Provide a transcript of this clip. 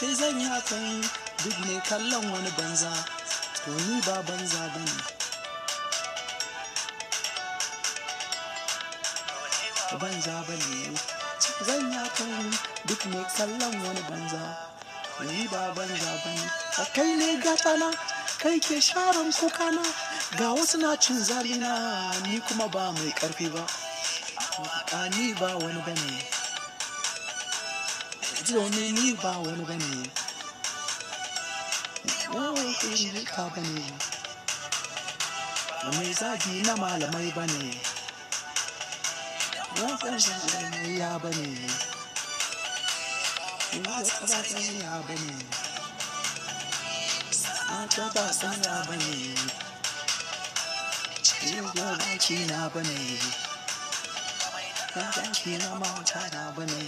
sai zan yi hakan duk mai kallon wani banza to ni ba banza ba ne banza ba ne zan yi hakan duk mai kallon wani banza To ni ba banza ba ne kai ne gatana kai ke sharan kukana ga wasu na cin zalina ni kuma ba mai karfi ba ni ba wani bane ti ọ̀nà ní ìbá wọn bá nìyẹn wọ́n wọ́n kò ní ìka bá nìyẹn ọmọ ìsáàjì iná máa lọ́mọ ìbá nìyẹn wọ́n fẹ́ ṣe ọ̀nà ìyá bá nìyẹn wọ́n sábà fẹ́ ṣe ìyá bá nìyẹn wọ́n sábà fẹ́ ṣe ìyá bá nìyẹn ìgbà bá kí iná bá nìyẹn wọ́n bá kí iná máa ń ta iná bá nìyẹn.